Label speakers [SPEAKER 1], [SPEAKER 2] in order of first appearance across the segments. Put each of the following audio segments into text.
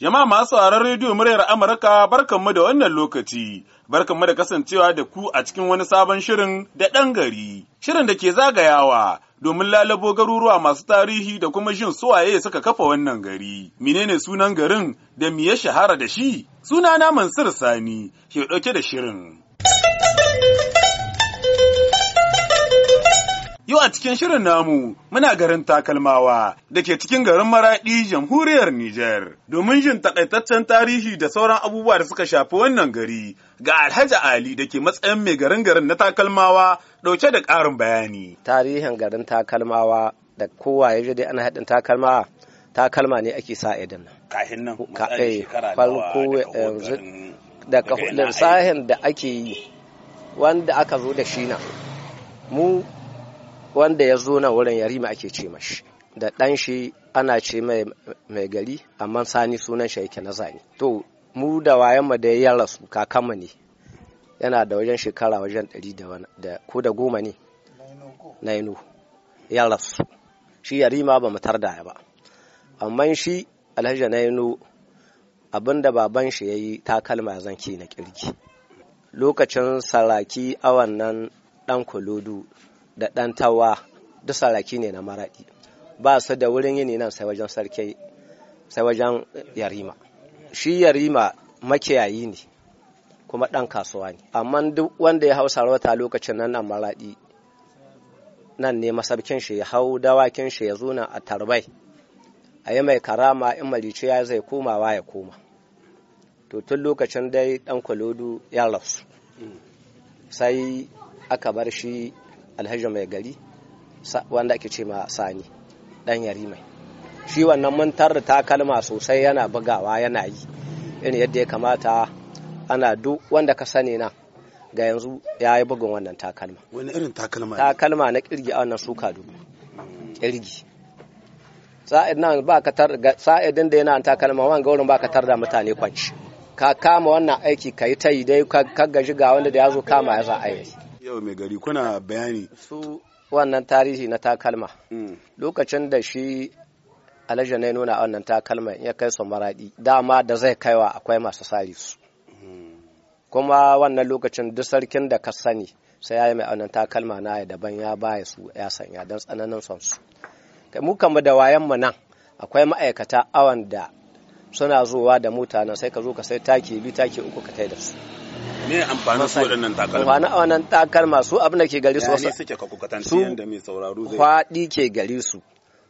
[SPEAKER 1] Jama'a masu sauraron rediyo muryar Amurka barkanmu da wannan lokaci, barkanmu da kasancewa da ku a cikin wani sabon shirin da ɗan gari, shirin da ke zagayawa domin lalabo garuruwa masu tarihi da kuma jin suwaye suka kafa wannan gari. Menene sunan garin da me ya shahara da shi? Sunana Mansur Sani ke ɗauke da shirin. Yau a cikin shirin namu muna garin takalmawa da ke cikin garin maraɗi jamhuriyar Nijar domin jin takaitaccen tarihi da sauran abubuwa da suka shafi wannan gari ga Alhaji Ali da ke matsayin mai garin garin na takalmawa
[SPEAKER 2] ɗauke da ƙarin bayani. Tarihin garin takalmawa da kowa ya dai ana haɗin takalma takalma ne ake sa idan. Kahin nan eh, farko da eh, da ake yi wanda aka zo da shi na mu wanda ya zo na wurin yarima ake ce mashi da ɗan shi ana ce mai mai gari amma sani sunan shi yake na zani to mu da wayan mu da ya rasu kakanmu ne yana da wajen shekara wajen ɗari da ko da goma ne na ya rasu shi yarima ba mutar da ya ba amma shi alhaji na abinda baban shi yayi yi takalma zanki na kirki lokacin saraki awan nan ɗan kolodu da ɗan tawa duk saraki ne na maraɗi ba su da wurin yini nan sai wajen sarki sai wajen yarima shi yarima makiyayi ne kuma ɗan kasuwa ne amma duk wanda ya hau sarauta lokacin nan nan maraɗi nan ne masarkin shi ya hau dawakin shi ya zuna a tarbai a yi mai karama in ya zai komawa ya koma to tun lokacin dai ɗan kwalodu ya rasu sai aka bar shi alhaji mai gari wanda ake ce ma sani dan yari mai shi wannan mun tarra takalma sosai yana bugawa yana yi irin yadda ya kamata ana duk wanda ka sani na ga yanzu ya yi bugun wannan takalma wani irin takalma takalma na kirgi a wannan suka dubu kirgi sa'idin ba ka tar da yana takalma wanga wurin ba ka tar da mutane kwanci ka kama wannan aiki ka yi ta yi dai ka gaji ga wanda da ya zo kama ya za a yi yau mai gari kuna bayani su wannan tarihi na takalma mm. lokacin da shi alhaji na nuna wannan takalma ya kai su maradi dama da zai kaiwa akwai masu sari su mm. kuma wannan lokacin duk sarkin da ka sani sai ya yi mai wannan takalma na ya daban ya baya su ya sanya don tsananin son su kai mu da wayan mu nan akwai ma'aikata awan da suna zuwa da mutanen sai ka zo ka sai taki bi taki uku ka tai da su
[SPEAKER 1] me amfanin su waɗannan takalma wani wannan
[SPEAKER 2] takalma su abin da ke gari su wasu suke kakukatan su yanda mai sauraro zai ke gari su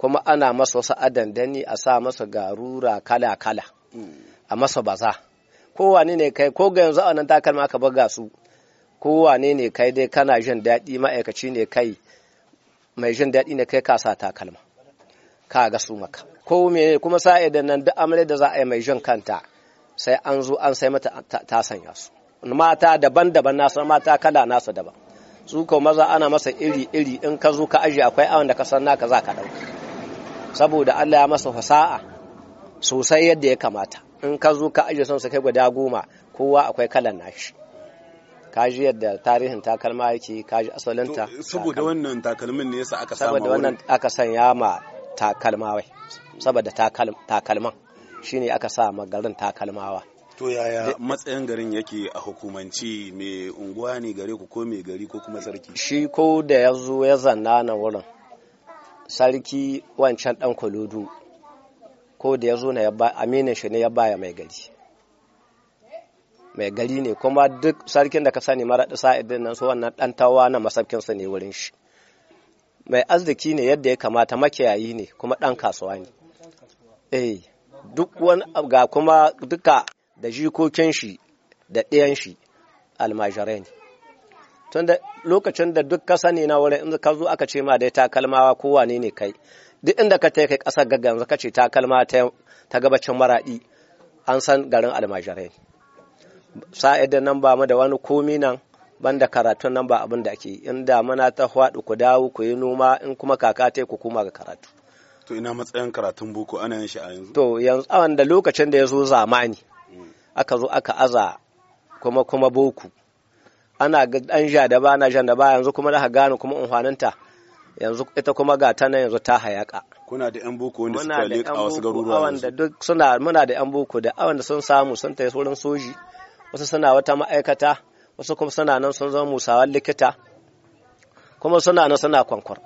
[SPEAKER 2] kuma ana masa wasu adandani a sa masa garura kala kala a masa baza kowane ne kai ko ga yanzu a nan takalma aka buga su kowane ne kai dai kana jin daɗi ma'aikaci ne kai mai jin daɗi ne kai ka sa takalma ka ga su maka ko mene kuma sa'a da nan duk amare da za a yi mai jin kanta sai an zo an sai mata ta sanya su mata daban-daban nasu mata kala nasu daban su ko maza ana masa iri-iri in ka zo ka aje akwai awon da ka san naka za ka ɗauka saboda Allah ya masa fasa'a sosai yadda ya kamata in ka zo ka aje son su kai guda goma kowa akwai kalan nashi kaji yadda tarihin takalma yake kaji asalinta saboda
[SPEAKER 1] wannan takalmin ne yasa aka saboda wannan
[SPEAKER 2] aka sanya ma takalma wai saboda takalman shine aka sa magarin takalmawa
[SPEAKER 1] to yaya eh, matsayin garin yake a hukumanci mai unguwa
[SPEAKER 2] ne gare ku ko mai gari ko kuma sarki shi ko da ya zo ya zanna na wurin sarki wancan dan kuludu ko da ya zo na aminin shi ne ya baya mai gari mai gari ne kuma duk sarkin da ka sani mara ɗisa idan nan so wannan ɗan tawa na masabkinsa ne wurin shi mai arziki ne yadda ya kamata makiyayi ne kuma ɗan kasuwa ne eh duk wani ga kuma duka da jikokin shi da ɗayan shi almajirai ne tun da lokacin da duk ka sani na wurin inda ka zo aka ce ma dai takalmawa kowa ne ne kai duk inda ka kai ƙasar gaga yanzu ka ce takalma ta gabacin maraɗi an san garin almajirai ne da nan ba mu da wani komi nan banda karatun nan ba abin da ake inda muna ta haɗu ku dawo ku yi noma in kuma kaka ta ku koma ga karatu
[SPEAKER 1] to ina matsayin
[SPEAKER 2] karatun boko ana yin shi a yanzu to yanzu a wanda lokacin da ya zo zamani aka zo aka aza kuma kuma boku ana an ja da ba ana jan da ba yanzu kuma da gane kuma unhwaninta yanzu ita kuma ga ta nan yanzu ta hayaka kuna da yan boko wanda suka leka wasu garuruwa wanda duk suna muna da yan boko da awan da sun samu sun tafi wurin soji wasu suna wata ma'aikata wasu kuma suna nan sun zama musawan likita kuma suna nan suna kwankwar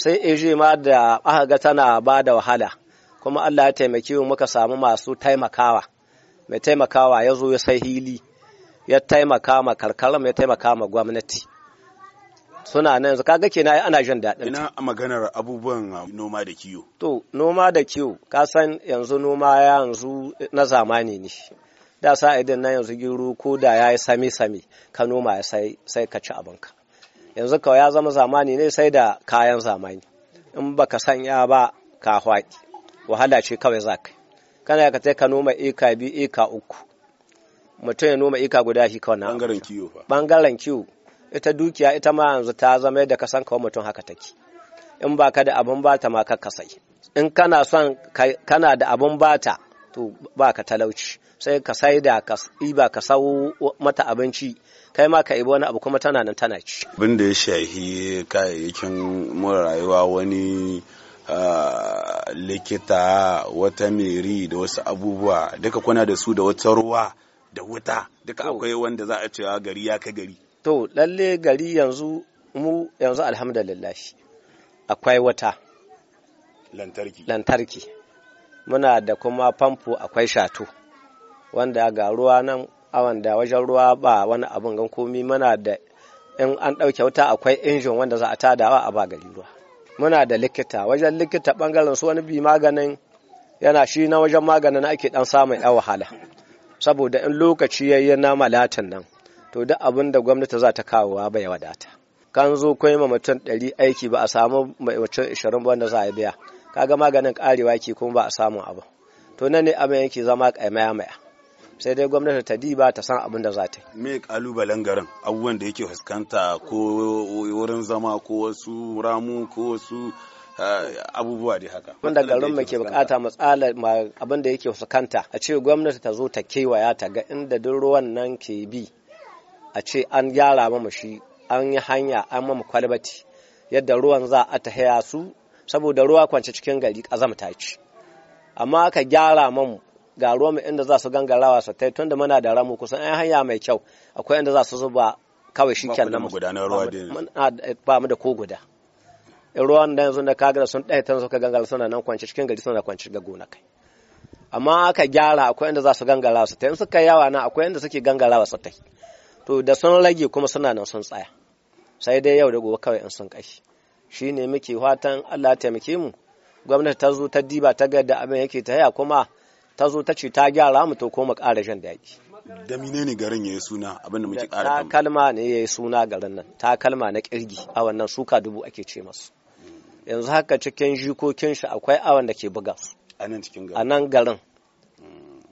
[SPEAKER 2] sai eje ma da aka ga tana ba da wahala kuma Allah ya taimake mu muka samu masu taimakawa mai taimakawa ya zo ya sai hili ya taimaka ma karkara mai taimaka ma gwamnati suna nan yanzu kaga kenan ana jin daɗin ina maganar abubuwan ah, noma da kiwo to noma da kiwo ka san yanzu noma ya yanzu na zamani ne da sa idan na yanzu gero ko da ya yi sami sami ka noma ya sai ka ci abinka yanzu kawai ya zama zamani ne sai da kayan zamani in baka sanya ba ka hwaki wahala ce kawai za ka yi kana ka sai ka noma eka biyu eka uku mutum ya noma eka guda shi kawai bangaren kiwo fa bangaren kiwo ita dukiya ita ma yanzu ta zama yadda ka san kawai mutum haka take in ba ka da abin bata ma ka sai in kana son kana da abin bata to ba ka talauci sai ka sai da ka iba ka sau mata abinci kai ma ka ibi wani abu kuma tana nan tana ci
[SPEAKER 1] abin da ya shahi kayayyakin mura rayuwa wani Ah, likita wata meri da wasu abubuwa duka kuna da su da wata ruwa da wuta duka akwai wanda za a cewa gari ya ka gari
[SPEAKER 2] to lalle gari yanzu mu yanzu alhamdulillah akwai wata lantarki lantarki muna da kuma famfo akwai shato wanda ga ruwa nan awan da wajen ruwa ba wani abin gan komi muna da in an ɗauke wuta akwai injin wanda za a tadawa a ba gari ruwa muna da likita wajen likita bangaren su wani bi maganin yana shi na wajen maganin ake dan samun yan wahala saboda in lokaci ya yi na malatin nan to duk abin da gwamnati za ta kawowa bai wadata kan zo kai ma mutum ɗari aiki ba a samu mai mutum ishirin ba wanda za a biya kaga maganin karewa ke kuma ba a samu abu to nan ne abin yake zama kaimaya maya sai dai gwamnati ta diba ta san abin da za ta yi. Me kalubalen garin abubuwan da
[SPEAKER 1] yake fuskanta ko wurin zama ko wasu ramu ko wasu eh, abubuwa dai haka. Wanda garin mai ke
[SPEAKER 2] bukata matsala abin da yake fuskanta a ce gwamnati ta zo ta kewaya ta ga inda duk ruwan nan ke bi a ce an gyara mu shi an yi hanya an mama kwalbati yadda ruwan za a ta su saboda ruwa kwance cikin gari ta ci amma aka gyara mamu ga ruwa mai inda za su gangarawa su tai tunda muna da ramu kusan ai hanya mai kyau akwai inda za su zuba kawai shi kenan ah, eh, ba mu da ko guda eh, ruwan da yanzu da kaga sun ɗaya tan suka gangara suna nan kwanci cikin gari suna kwanci ga gona kai amma aka gyara akwai inda za su gangara su tai in suka yawa na akwai inda suke gangarawa su tai to da sun rage kuma suna nan sun tsaya sai dai yau da gobe kawai in sun kashi shi ne muke fatan Allah ya taimake mu gwamnati ta zo ta diba ta ga da abin yake ta haya kuma ta zo ta ce ta gyara mu to ko mu ƙara jan daɗi
[SPEAKER 1] da ne garin ya yi suna abin da muke ƙara
[SPEAKER 2] takalma ne ya yi suna garin nan takalma na kirgi a wannan suka dubu ake ce masu yanzu haka cikin jikokin shi akwai awan da ke buga garin? a nan garin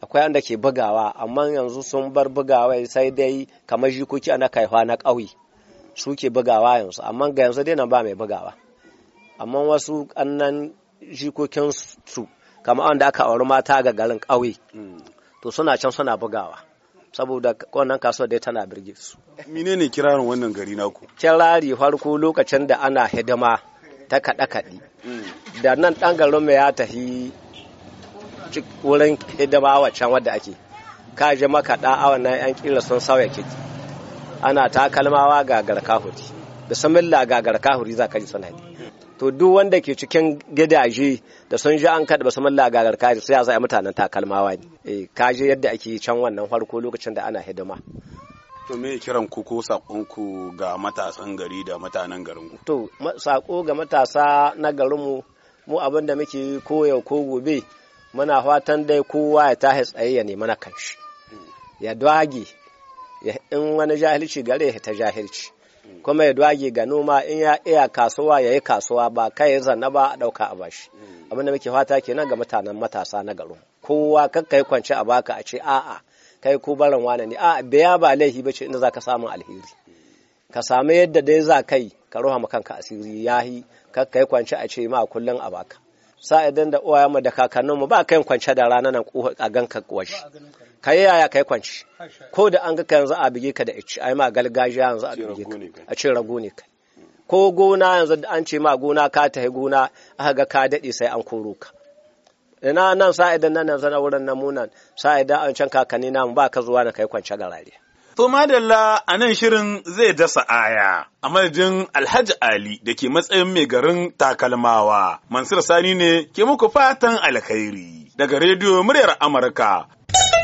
[SPEAKER 2] akwai wanda ke bugawa amma yanzu sun bar bugawa sai dai kamar jikoki ana kaiwa na ƙauye su ke bugawa yanzu amma ga yanzu dai nan ba mai bugawa amma wasu ƙannan jikokin su kamar wanda aka auri mata ga garin ƙauye hmm. to suna can suna bugawa saboda wannan kasuwar dai tana birge su menene kirarin wannan gari naku kirari farko lokacin da ana hidima ta kaɗe kaɗe hmm. da nan ɗan garin ya tafi wurin hidima waccan wadda ake ka ji makaɗa awa na yan kila sun sauya kiki ana takalmawa ga garkahuri huri bismillah ga garkahuri za ka ji suna to duk wanda ke cikin gidaje da sun ji an kaɗa ba su malla gagar kaji sai a zai mutanen takalmawa ne eh kaji yadda ake can wannan farko lokacin da ana hidima
[SPEAKER 1] to me kiran ku ko sakon ku ga matasan gari da mutanen garin ku
[SPEAKER 2] to sako ga matasa na garin mu mu abin muke koya ko gobe muna fatan dai kowa ya tashi tsaye ya nemi na kanshi hmm. ya dwage in wani jahilci gare ya ta jahilci kuma ya dwage ga noma in ya iya kasuwa ya yi kasuwa ba kai ya zanna ba a ɗauka a bashi mm. abinda muke fata kenan ga mutanen matasa na garin kowa kakka yi kwance a baka a ce a'a kai ko barin wane ne a'a biya ba laifi ba ce inda za ka samu alheri ka sami yadda dai za kai ka roha ma kanka asiri yahi kakka yi kwance a ce ma kullum a baka idan da mu da kakannin mu ba kai kwance da rana nan a ganka waje ka yi yaya kai kwance ko da an ga ka yanzu a bige ka da ici ai ma galgajiya yanzu a bige ka a ce rago ne kai ko gona yanzu an ce ma gona ka tahi gona aka ga ka dade sai an koro ka ina nan sa'idan nan yanzu na wurin namunan sa'idan an can kakanni mu ba ka zuwa na kai kwance garare
[SPEAKER 1] To madalla a nan shirin zai dasa aya a madadin Alhaji Ali da ke matsayin mai garin takalmawa. Mansur Sani ne ke muku fatan alkhairi daga rediyo muryar Amurka.